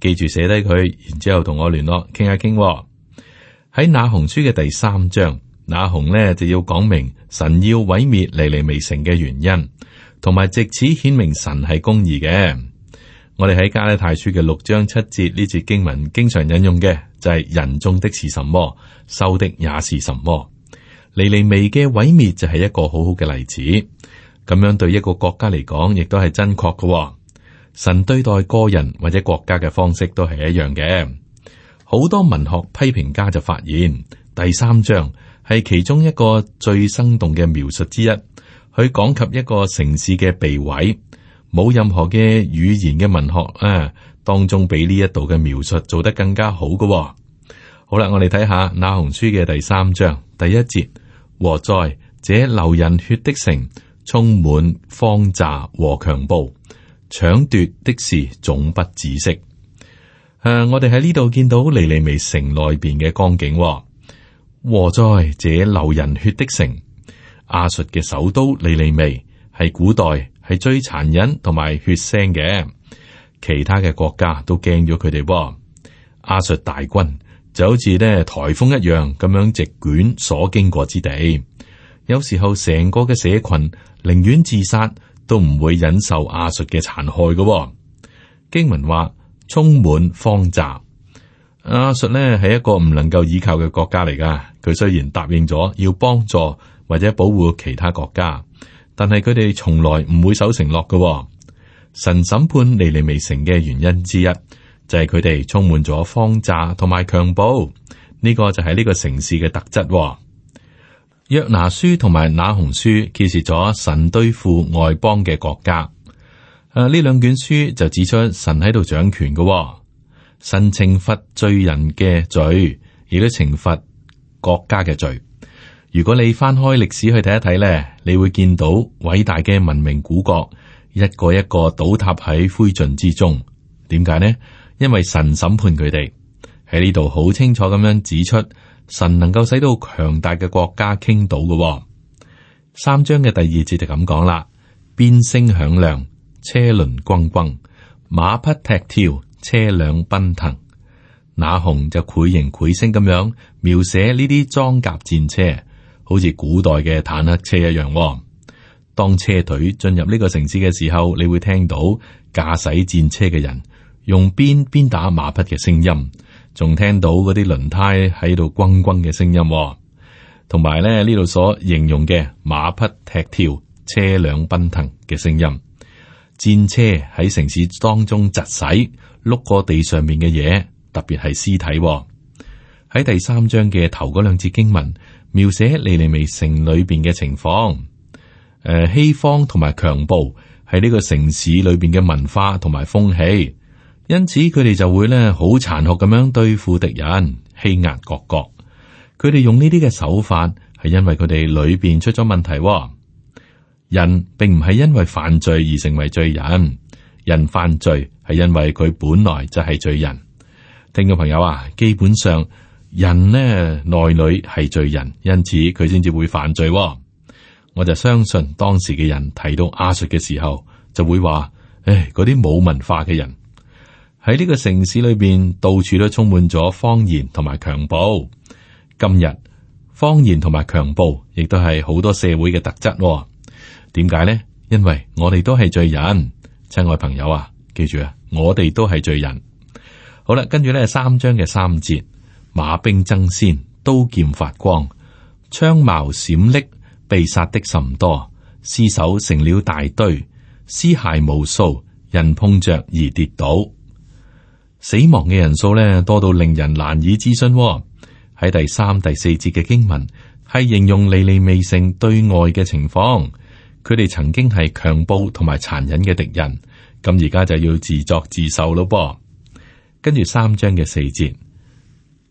記住寫低佢，然之後同我聯絡傾下傾。喺、哦、那鴻書嘅第三章，那鴻呢，就要講明神要毀滅尼尼微城嘅原因，同埋藉此顯明神係公義嘅。我哋喺加拉太書嘅六章七節呢節經文經常引用嘅就係人種的是什麼，收的也是什麼。尼尼微嘅毀滅就係一個好好嘅例子，咁樣對一個國家嚟講，亦都係真確嘅、哦。神對待個人或者國家嘅方式都係一樣嘅。好多文學批評家就發現，第三章係其中一個最生動嘅描述之一。佢講及一個城市嘅被毀，冇任何嘅語言嘅文學啊當中，比呢一度嘅描述做得更加好嘅、哦。好啦，我哋睇下那鴻書嘅第三章第一節，禍哉，這流人血的城，充滿謊詐和強暴。搶奪的事總不止息。誒、啊，我哋喺呢度見到尼尼微城內邊嘅光景、哦。禍哉，這流人血的城，亞述嘅首都尼尼微係古代係最殘忍同埋血腥嘅。其他嘅國家都驚咗佢哋。亞述大軍就好似呢台風一樣咁樣席捲所經過之地。有時候成個嘅社群寧願自殺。都唔會忍受亞述嘅殘害嘅、哦，經文話充滿謊詐。亞述呢係一個唔能夠依靠嘅國家嚟㗎，佢雖然答應咗要幫助或者保護其他國家，但係佢哋從來唔會守承諾嘅、哦。神審判尼尼微城嘅原因之一，就係佢哋充滿咗謊詐同埋強暴，呢、這個就係呢個城市嘅特質、哦。約拿書同埋那鴻書揭示咗神對付外邦嘅國家，誒呢兩卷書就指出神喺度掌權嘅，哦，神懲罰罪人嘅罪，亦都懲罰國家嘅罪。如果你翻開歷史去睇一睇咧，你會見到偉大嘅文明古國一個一個倒塌喺灰燼之中。點解呢？因為神審判佢哋喺呢度好清楚咁樣指出。神能夠使到強大嘅國家傾倒嘅、哦，三章嘅第二節就咁講啦。鞭聲響亮，車輪轟轟，馬匹踢跳，車輛奔騰。那鴻就繪形繪聲咁樣描寫呢啲裝甲戰車，好似古代嘅坦克車一樣、哦。當車隊進入呢個城市嘅時候，你會聽到駕駛戰車嘅人用鞭鞭打馬匹嘅聲音。仲聽到嗰啲輪胎喺度轟轟嘅聲音、哦，同埋咧呢度所形容嘅馬匹踢跳、車輛奔騰嘅聲音，戰車喺城市當中疾駛，碌過地上面嘅嘢，特別係屍體、哦。喺第三章嘅頭嗰兩節經文，描寫尼尼微城裏邊嘅情況。誒、呃，西方同埋強暴喺呢個城市裏邊嘅文化同埋風氣。因此佢哋就會咧好殘酷咁樣對付敵人，欺壓各國。佢哋用呢啲嘅手法，係因為佢哋裏邊出咗問題。人並唔係因為犯罪而成為罪人，人犯罪係因為佢本來就係罪人。聽眾朋友啊，基本上人呢內裏係罪人，因此佢先至會犯罪。我就相信當時嘅人提到亞述嘅時候，就會話：「唉，嗰啲冇文化嘅人。喺呢個城市裏邊，到處都充滿咗謊言同埋強暴。今日謊言同埋強暴亦都係好多社會嘅特質，哦。點解呢？因為我哋都係罪人，親愛朋友啊，記住啊，我哋都係罪人。好啦，跟住咧三章嘅三節，馬兵爭先，刀劍發光，槍矛閃爍，被殺的甚多，屍首成了大堆，屍骸無數，人碰着而跌倒。死亡嘅人數呢，多到令人難以置信。喺第三、第四節嘅經文係形容尼尼微城對外嘅情況，佢哋曾經係強暴同埋殘忍嘅敵人，咁而家就要自作自受咯噃。跟住三章嘅四節，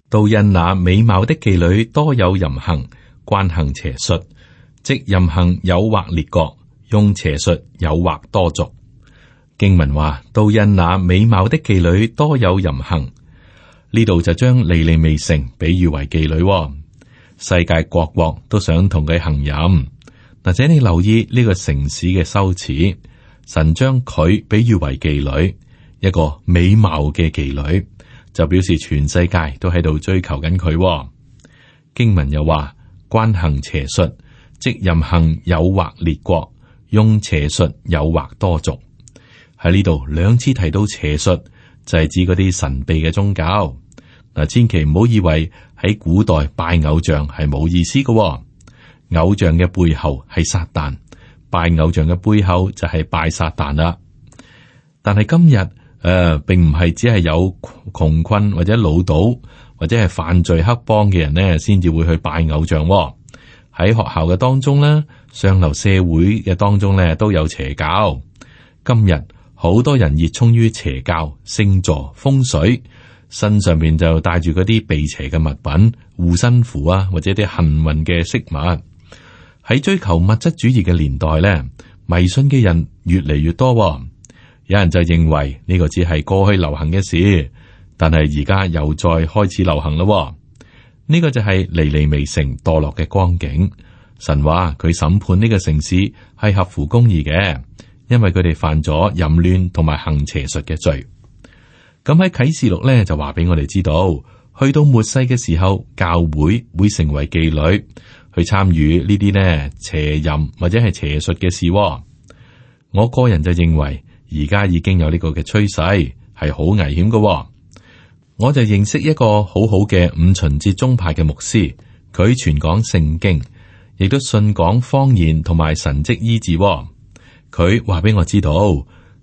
都因那美貌的妓女多有淫行，慣行邪術，藉淫行誘惑列國，用邪術誘惑多族。經文話：都因那美貌的妓女多有淫行。呢度就將尼尼微城比喻為妓女、哦，世界各國都想同佢行淫。但請你留意呢個城市嘅羞恥，神將佢比喻為妓女，一個美貌嘅妓女就表示全世界都喺度追求緊佢、哦。經文又話：慣行邪術，即淫行誘惑列國，用邪術誘惑多族。喺呢度兩次提到邪術，就係、是、指嗰啲神秘嘅宗教。嗱，千祈唔好以為喺古代拜偶像係冇意思嘅、哦，偶像嘅背後係撒旦，拜偶像嘅背後就係拜撒旦啦。但係今日誒、呃，並唔係只係有窮困或者潦倒或者係犯罪黑幫嘅人呢先至會去拜偶像、哦。喺學校嘅當中咧，上流社會嘅當中咧，都有邪教。今日。好多人熱衷於邪教、星座、風水，身上面就帶住嗰啲避邪嘅物品、護身符啊，或者啲幸運嘅飾物。喺追求物質主義嘅年代咧，迷信嘅人越嚟越多、哦。有人就認為呢個只係過去流行嘅事，但係而家又再開始流行咯、哦。呢個就係尼尼微城墮落嘅光景。神話佢審判呢個城市係合乎公義嘅。因為佢哋犯咗淫亂同埋行邪術嘅罪，咁喺啟示錄咧就話俾我哋知道，去到末世嘅時候，教會會成為妓女去參與呢啲咧邪淫或者係邪術嘅事、哦。我個人就認為，而家已經有呢個嘅趨勢，係好危險噶、哦。我就認識一個好好嘅五旬節宗派嘅牧師，佢傳講聖經，亦都信講方言同埋神蹟醫治。佢話俾我知道，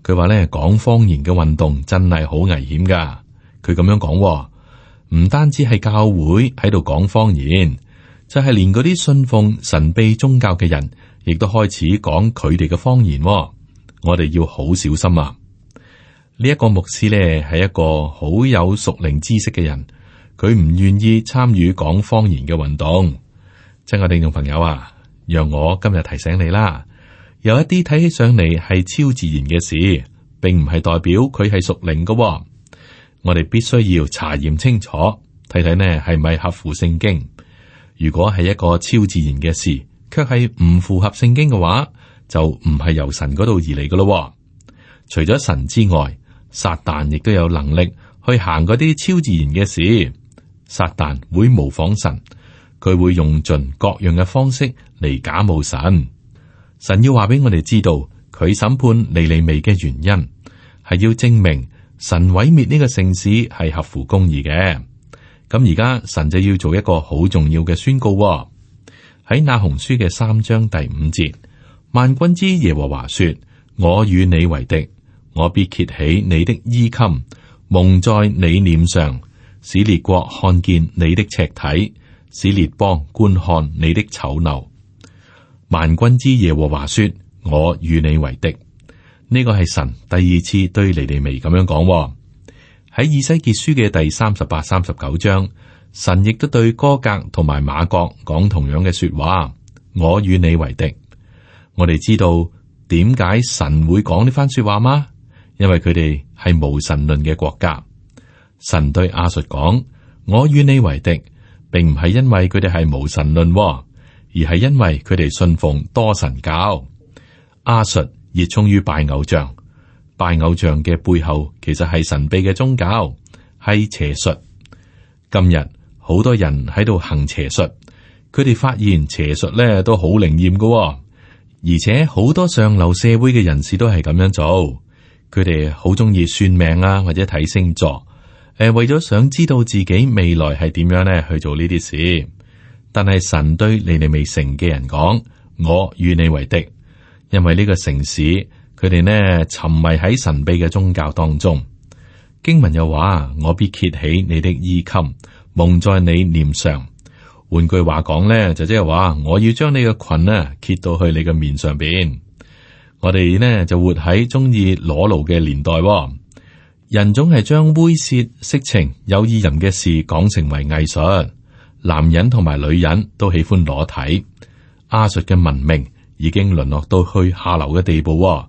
佢話咧講方言嘅運動真係好危險噶。佢咁樣講、哦，唔單止係教會喺度講方言，就係、是、連嗰啲信奉神秘宗教嘅人，亦都開始講佢哋嘅方言、哦。我哋要好小心啊！呢、這、一個牧師咧係一個好有熟齡知識嘅人，佢唔願意參與講方言嘅運動。親愛聽眾朋友啊，讓我今日提醒你啦。有一啲睇起上嚟係超自然嘅事，並唔係代表佢係屬靈嘅哦。我哋必須要查驗清楚，睇睇呢係咪合乎聖經。如果係一個超自然嘅事，卻係唔符合聖經嘅話，就唔係由神嗰度而嚟嘅咯。除咗神之外，撒旦亦都有能力去行嗰啲超自然嘅事。撒旦會模仿神，佢會用盡各樣嘅方式嚟假冒神。神要話俾我哋知道佢審判尼尼微嘅原因，係要證明神毀滅呢個城市係合乎公義嘅。咁而家神就要做一個好重要嘅宣告。哦，喺《那鴻書》嘅三章第五節，萬軍之耶和華說：我與你為敵，我必揭起你的衣襟，蒙在你臉上，使列國看見你的赤體，使列邦觀看你的醜陋。萬軍之耶和華說：我與你為敵。呢個係神第二次對尼尼微咁樣講。喺以西結書嘅第三十八、三十九章，神亦都對哥格同埋馬國講同樣嘅說話：我與你為敵。我哋知道點解神會講呢番說話嗎？因為佢哋係無神論嘅國家。神對亞述講：我與你為敵，並唔係因為佢哋係無神論。而係因為佢哋信奉多神教，亞述熱衷於拜偶像。拜偶像嘅背後，其實係神秘嘅宗教，係邪術。今日好多人喺度行邪術，佢哋發現邪術咧都好靈驗㗎喎，而且好多上流社會嘅人士都係咁樣做。佢哋好中意算命啊，或者睇星座，誒，為咗想知道自己未來係點樣咧，去做呢啲事。但係神對你哋未成嘅人講，我與你為敵，因為呢個城市佢哋呢沉迷喺神秘嘅宗教當中。經文又話：我必揭起你的衣襟，蒙在你臉上。換句話講呢，就即係話，我要將你個裙呢揭到去你嘅面上邊。我哋呢就活喺中意裸露嘅年代，人總係將猥褻、色情、有意淫嘅事講成為藝術。男人同埋女人都喜歡裸體，阿術嘅文明已經淪落到去下流嘅地步，哦。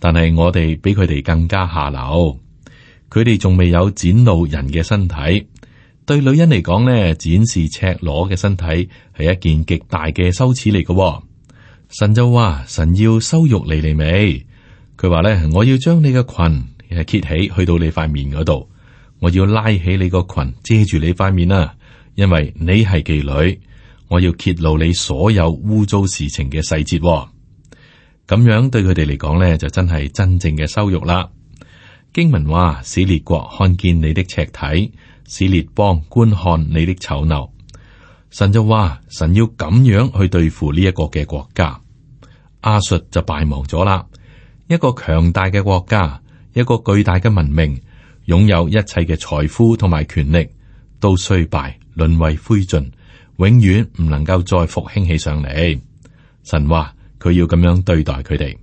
但係我哋比佢哋更加下流，佢哋仲未有展露人嘅身體。對女人嚟講呢，展示赤裸嘅身體係一件極大嘅羞恥嚟嘅。神就話：神要收辱你嚟未？佢話咧，我要將你嘅裙揭起，去到你塊面嗰度，我要拉起你個裙遮住你塊面啊！因為你係妓女，我要揭露你所有污糟事情嘅細節，哦，咁樣對佢哋嚟講呢，就真係真正嘅羞辱啦。經文話，使列國看見你的赤體，使列邦觀看你的醜陋。神就話，神要咁樣去對付呢一個嘅國家。亞述就敗亡咗啦。一個強大嘅國家，一個巨大嘅文明，擁有一切嘅財富同埋權力，都衰敗。淪為灰燼，永遠唔能夠再復興起上嚟。神話佢要咁樣對待佢哋，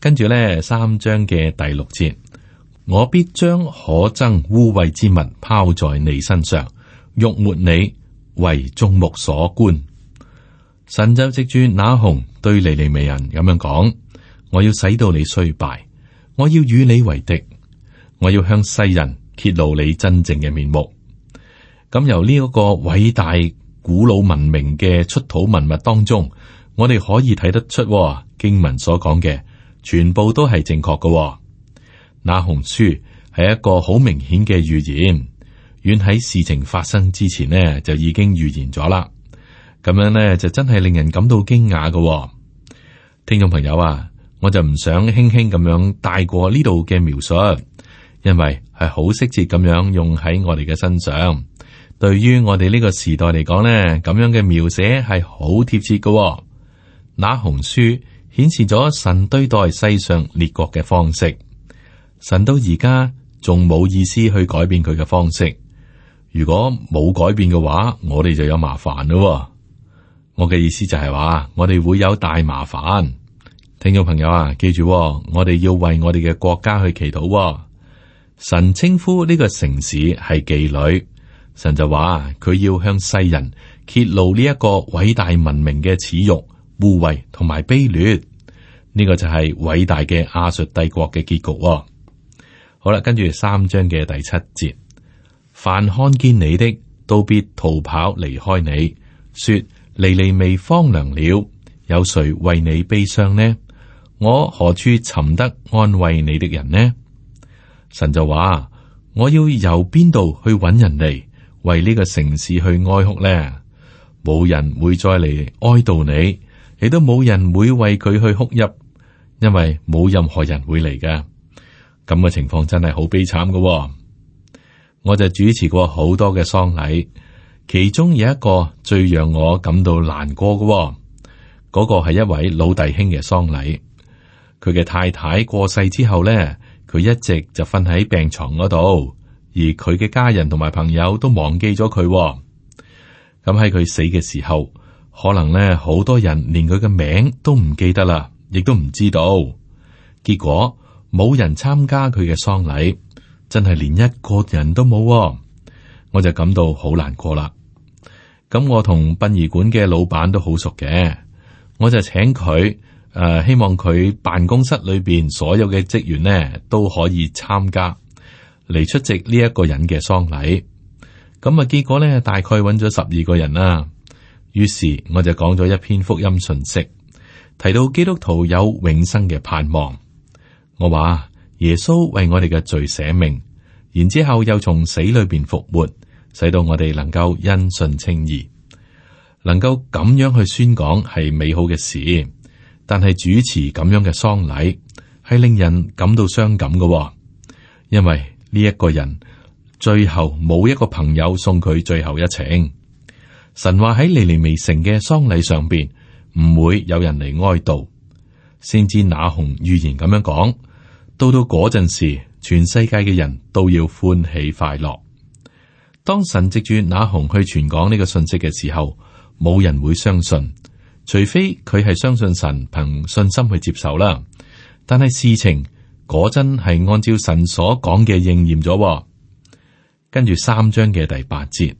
跟住呢三章嘅第六節， 我必將可憎污穢之物拋在你身上，辱沒你為眾目所觀。神就藉住那鴻對尼尼微人咁樣講：我要使到你衰敗，我要與你為敵，我要向世人揭露你真正嘅面目。咁由呢一個偉大古老文明嘅出土文物當中，我哋可以睇得出經文所講嘅全部都係正確嘅。那鴻書係一個好明顯嘅預言，遠喺事情發生之前呢，就已經預言咗啦。咁樣呢，就真係令人感到驚訝嘅。聽眾朋友啊，我就唔想輕輕咁樣帶過呢度嘅描述，因為係好適切咁樣用喺我哋嘅身上。對於我哋呢個時代嚟講呢，咁樣嘅描寫係好貼切嘅、哦。那鴻書顯示咗神對待世上列國嘅方式，神到而家仲冇意思去改變佢嘅方式。如果冇改變嘅話，我哋就有麻煩咯、哦。我嘅意思就係話，我哋會有大麻煩。聽眾朋友啊，記住、哦，我哋要為我哋嘅國家去祈禱、哦。神稱呼呢個城市係妓女。神就話：佢要向世人揭露呢一個偉大文明嘅恥辱、護衛同埋卑劣，呢、這個就係偉大嘅亞述帝國嘅結局、哦。好啦，跟住三章嘅第七節，凡看見你的都必逃跑離開你，說：尼尼微荒涼了，有誰為你悲傷呢？我何處尋得安慰你的人呢？神就話：我要由邊度去揾人嚟為呢個城市去哀哭呢，冇人會再嚟哀悼你，亦都冇人會為佢去哭泣，因為冇任何人會嚟嘅。咁嘅情況真係好悲慘嘅喎。我就主持過好多嘅喪禮，其中有一個最讓我感到難過嘅喎，嗰個係一位老弟兄嘅喪禮。佢嘅太太過世之後呢，佢一直就瞓喺病床嗰度。而佢嘅家人同埋朋友都忘記咗佢喎，咁喺佢死嘅時候，可能咧好多人連佢嘅名都唔記得啦，亦都唔知道，結果冇人參加佢嘅喪禮，真係連一個人都冇喎，我就感到好難過啦。咁我同殯儀館嘅老闆都好熟嘅，我就請佢誒、呃，希望佢辦公室裏邊所有嘅職員呢都可以參加。嚟出席呢一個人嘅喪禮，咁啊結果呢，大概揾咗十二個人啦。於是我就講咗一篇福音訊息，提到基督徒有永生嘅盼望。我話耶穌為我哋嘅罪捨命，然之後又從死裏面復活，使到我哋能夠因信稱義，能夠咁樣去宣講係美好嘅事。但係主持咁樣嘅喪禮係令人感到傷感噶喎，因為。呢一個人最後冇一個朋友送佢最後一程。神話喺尼尼微城嘅喪禮上邊唔會有人嚟哀悼，先知那鴻預言咁樣講，到到嗰陣時全世界嘅人都要歡喜快樂。當神藉住那鴻去傳講呢個信息嘅時候，冇人會相信，除非佢係相信神憑信心去接受啦。但係事情。果真係按照神所講嘅應驗咗、哦，跟住三章嘅第八節，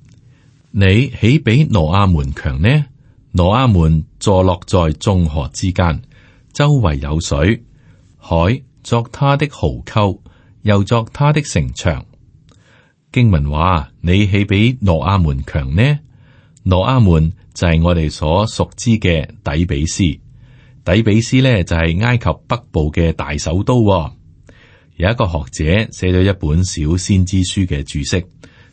你豈比挪亞門強呢？挪亞門坐落在眾河之間，周圍有水海作他的壕溝，又作他的城牆。經文話：你豈比挪亞門強呢？挪亞門就係我哋所熟知嘅底比斯，底比斯呢，就係埃及北部嘅大首都、哦。有一個學者寫咗一本《小先知書》嘅注釋，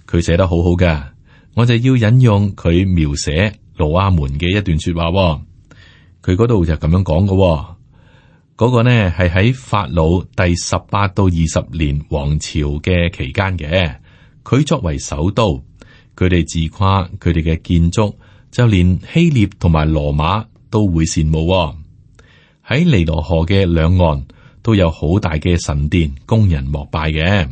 佢寫得好好噶，我就要引用佢描寫羅亞門嘅一段說話、哦。佢嗰度就咁樣講噶、哦，嗰、那個呢係喺法老第十八到二十年王朝嘅期間嘅，佢作為首都，佢哋自誇佢哋嘅建築，就連希臘同埋羅馬都會羨慕喺、哦、尼羅河嘅兩岸。都有好大嘅神殿供人膜拜嘅。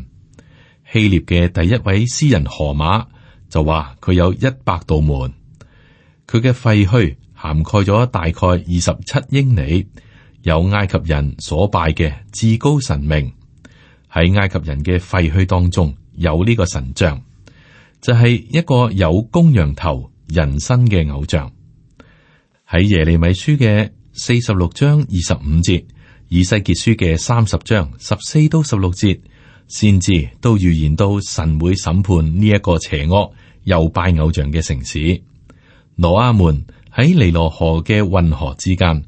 希臘嘅第一位詩人荷馬就話佢有一百道門。佢嘅廢墟涵蓋咗大概二十七英里。有埃及人所拜嘅至高神明。喺埃及人嘅廢墟當中有呢個神像，就係、是、一個有公羊頭人身嘅偶像。喺耶利米書嘅四十六章二十五節。以西結書嘅三十章十四到十六節，先至都預言到神會審判呢一個邪惡又拜偶像嘅城市羅阿門。喺尼羅河嘅運河之間，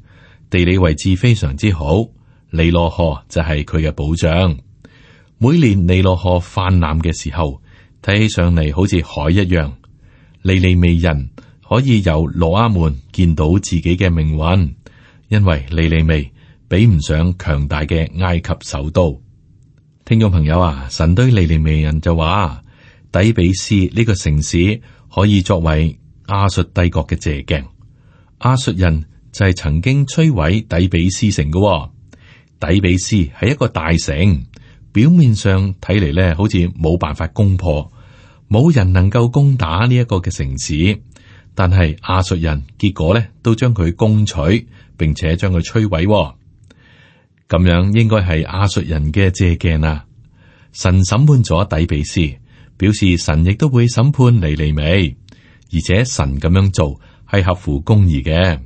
地理位置非常之好。尼羅河就係佢嘅保障。每年尼羅河泛濫嘅時候，睇起上嚟，好似海一樣。利利微人可以由羅阿門見到自己嘅命運，因為利利微。比唔上強大嘅埃及首都，聽眾朋友啊，神對尼尼微人就話：底比斯呢個城市可以作為亞述帝國嘅借鏡。亞述人就係曾經摧毀底比斯城嘅，哦。底比斯係一個大城，表面上睇嚟咧，好似冇辦法攻破，冇人能夠攻打呢一個嘅城市。但係亞述人結果咧，都將佢攻取，並且將佢摧毀，哦。咁樣應該係亞述人嘅借鏡啦、啊。神審判咗底比斯，表示神亦都會審判尼尼微，而且神咁樣做係合乎公義嘅。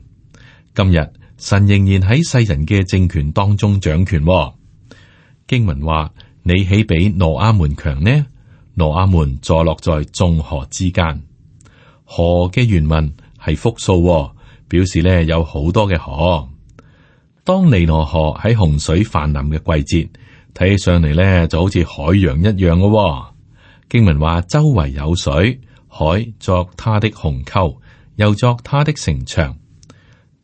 今日神仍然喺世人嘅政權當中掌權、啊。經文話：你豈比挪阿門強呢？挪阿門坐落在眾河之間，河嘅原文係複數、啊，表示咧有好多嘅河。當尼羅河喺洪水泛濫嘅季節，睇起上嚟，咧就好似海洋一樣嘅、哦。經文話，周圍有水，海作它的鴻溝，又作它的城牆。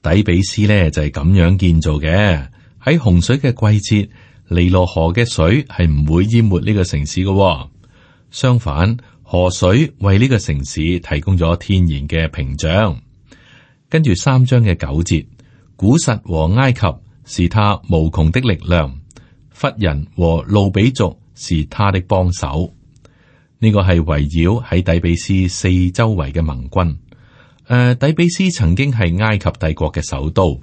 底比斯咧就係咁樣建造嘅。喺洪水嘅季節，尼羅河嘅水係唔會淹沒呢個城市嘅、哦。相反，河水為呢個城市提供咗天然嘅屏障。跟住三章嘅九節。古實和埃及是他無窮的力量，弗人和路比族是他的幫手。呢個係圍繞喺底比斯四周圍嘅盟軍。誒、呃，底比斯曾經係埃及帝國嘅首都，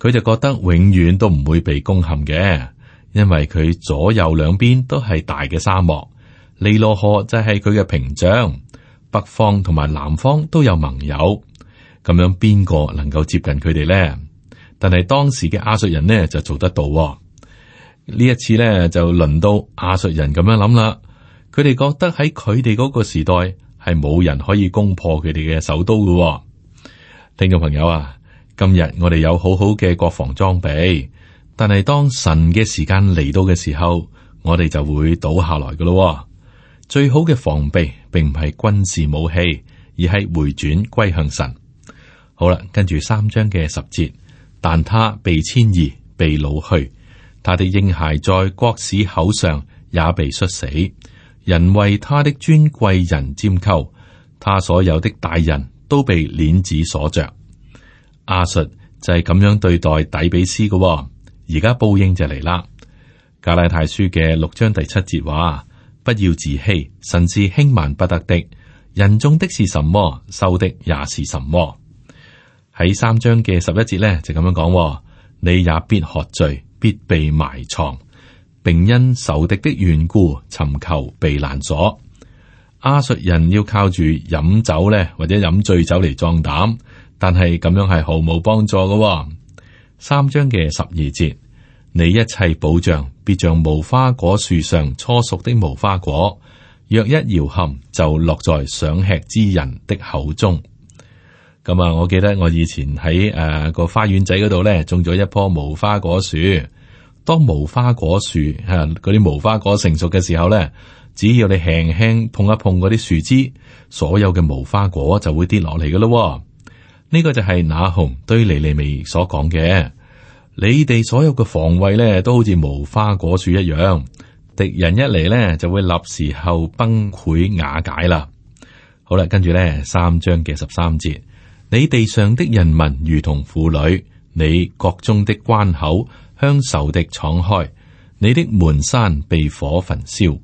佢就覺得永遠都唔會被攻陷嘅，因為佢左右兩邊都係大嘅沙漠，尼羅河就係佢嘅屏障，北方同埋南方都有盟友，咁樣邊個能夠接近佢哋呢？但係當時嘅亞述人呢就做得到呢，哦，一次呢就輪到亞述人咁樣諗啦，佢哋覺得喺佢哋嗰個時代係冇人可以攻破佢哋嘅首都噶，哦。聽眾朋友啊，今日我哋有好好嘅國防裝備，但係當神嘅時間嚟到嘅時候，我哋就會倒下來噶咯，哦。最好嘅防備並唔係軍事武器，而係回轉歸向神。好啦，跟住三章嘅十節。但他被遷移，被老去，他的嬰孩在各市口上也被摔死，人為他的尊貴人拈鬮，他所有的大人都被鏈子鎖着。亞述就係咁樣對待底比斯嘅、哦，而家報應就嚟啦。加拉太書嘅六章第七節話：不要自欺，神是輕慢不得的，人種的是什麼，收的也是什麼。喺三章嘅十一節呢，就咁樣講、哦，你也必喝醉，必被埋，埋藏，並因仇敵的緣故尋求避難所。亞述人要靠住飲酒呢，或者飲醉酒嚟壯膽，但係咁樣係毫無幫助噶、哦。三章嘅十二節，你一切保障，必像無花果樹上初熟的無花果，若一搖撼就落在想吃之人的口中。咁啊！我記得我以前喺誒個花園仔嗰度咧，種咗一棵無花果樹。當無花果樹吓嗰啲無花果成熟嘅時候咧，只要你輕輕碰一碰嗰啲樹枝，所有嘅無花果就會跌落嚟噶咯。呢個就係那鴻對尼尼微所講嘅。你哋所有嘅防衛咧，都好似無花果樹一樣，敵人一嚟咧就會立時後崩潰瓦解啦。嗯、好啦，跟住咧三章嘅十三節。你地上的人民如同婦女，你國中的關口，向仇敵敞開，你的門閂被火焚燒。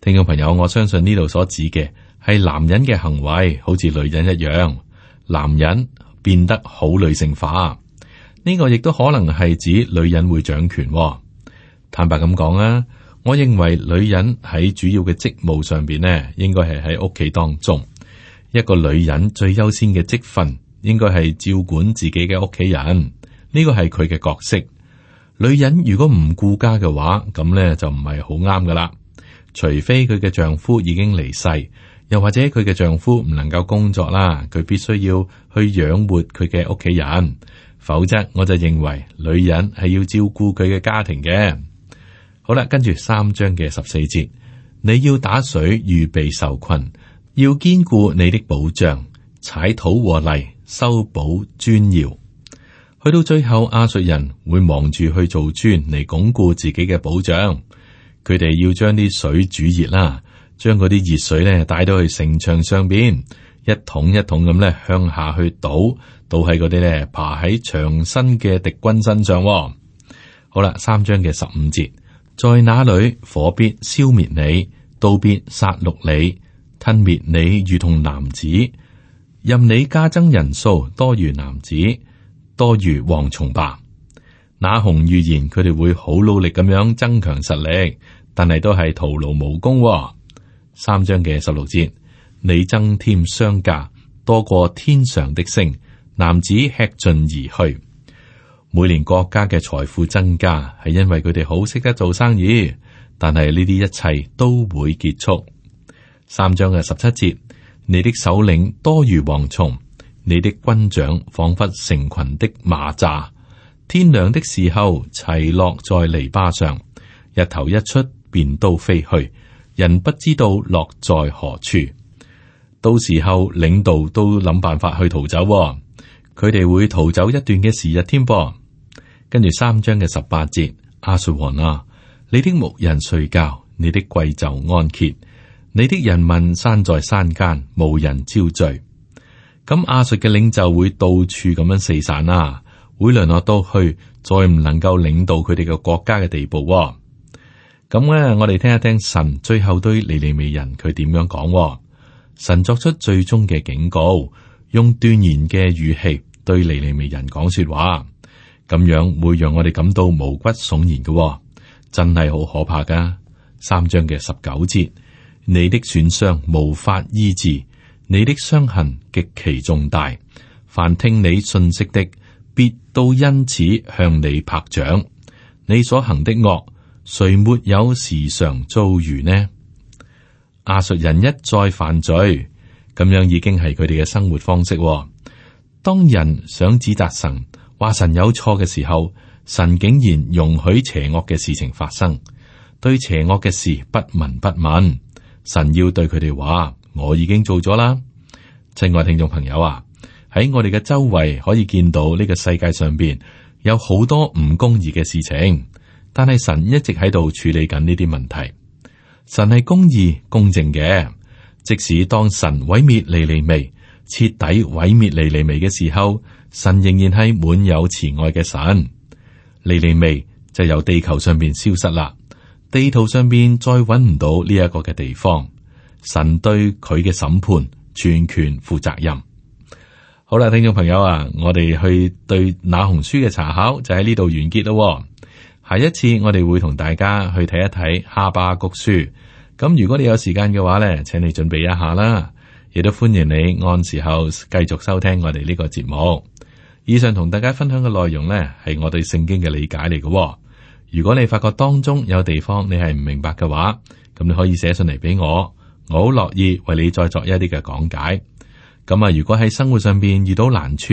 聽眾朋友，我相信呢度所指嘅係男人嘅行為，好似女人一樣，男人變得好女性化。呢個亦都可能係指女人會掌權。坦白咁講啊，我認為女人喺主要嘅職務上邊呢，應該係喺屋企當中。一個女人最優先嘅職份應該係照管自己嘅屋企人，呢個係佢嘅角色。女人如果唔顧家嘅話，咁呢就唔係好啱噶啦。除非佢嘅丈夫已經離世，又或者佢嘅丈夫唔能夠工作啦，佢必須要去養活佢嘅屋企人，否則我就認為女人係要照顧佢嘅家庭嘅。好啦，跟住三章嘅十四節，你要打水預備受困。要堅固你的保障，踩土和泥修補磚窑。去到最後，亞述人會忙住去做磚嚟鞏固自己嘅保障。佢哋要將啲水煮熱啦，將嗰啲熱水咧帶到去城牆上邊，一桶一桶咁咧向下去倒，倒喺嗰啲咧爬喺牆身嘅敵軍身上。好啦，三章嘅十五節，在那裡火必消滅你，刀必殺戮你。吞滅你如同男子，任你加增人數，多如男子，多如蝗蟲吧。那鴻預言佢哋會好努力咁樣增強實力，但係都係徒勞無功、哦。三章嘅十六節，你增添商家多過天上的星，男子吃盡而去。每年國家嘅財富增加係因為佢哋好識得做生意，但係呢啲一切都會結束。三章嘅十七節，你的首領多如蝗蟲，你的軍長仿佛成群的螞蚱。天亮的時候，齊落在籬笆上；日頭一出，便都飛去，人不知道落在何處。到時候領導都諗辦法去逃走、哦，佢哋會逃走一段嘅時日添噃。跟住三章嘅十八節，亞述王啊，你的牧人睡覺，你的貴胄安歇。你的人民生在山間，無人招聚。咁亞述嘅領袖會到處咁樣四散啦，啊，會淪落到去再唔能夠領導佢哋嘅國家嘅地步，哦。咁咧，我哋聽一聽神最後對尼尼微人佢點樣講，哦。神作出最終嘅警告，用斷然嘅語氣對尼尼微人講說話，咁樣會讓我哋感到毛骨悚然嘅，哦，真係好可怕噶，啊。三章嘅十九節。你的損傷無法醫治，你的傷痕極其重大。凡聽你信息的，必都因此向你拍掌。你所行的惡，誰沒有時常遭遇呢？亞述人，一再犯罪，咁樣已經係佢哋嘅生活方式。當人想指責神，話神有錯嘅時候，神竟然容許邪惡嘅事情發生，對邪惡嘅事不聞不問。神要對佢哋話：我已經做咗啦！親愛聽眾朋友啊，喺我哋嘅周圍可以見到呢個世界上邊有好多唔公義嘅事情，但係神一直喺度處理緊呢啲問題。神係公義公正嘅，即使當神毀滅尼尼微，徹底毀滅尼尼微嘅時候，神仍然係滿有慈愛嘅神。尼尼微就由地球上邊消失啦。地圖上邊再揾唔到呢一個嘅地方，神對佢嘅審判全權負責任。好啦，聽眾朋友啊，我哋去對那鴻書嘅查考就喺呢度完結咯、哦。下一次我哋會同大家去睇一睇哈巴谷書。咁如果你有時間嘅話呢，請你準備一下啦。亦都歡迎你按時候繼續收聽我哋呢個節目。以上同大家分享嘅內容呢，係我對聖經嘅理解嚟嘅、哦。如果你發覺當中有地方你係唔明白嘅話，咁你可以寫信嚟俾我，我好樂意為你再作一啲嘅講解。咁啊，如果喺生活上邊遇到難處，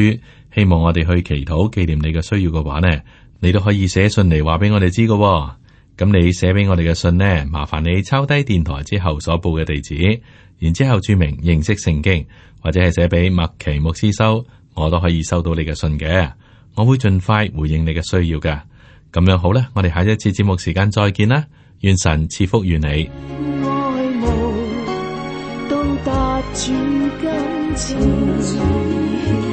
希望我哋去祈禱紀念你嘅需要嘅話呢，你都可以寫信嚟話俾我哋知嘅。咁你寫俾我哋嘅信呢，麻煩你抄低電台之後所報嘅地址，然之後注明認識聖經，或者係寫俾麥奇牧師收，我都可以收到你嘅信嘅，我會盡快回應你嘅需要嘅。咁樣好啦，我哋下一次節目時間再見啦，願神賜福於你。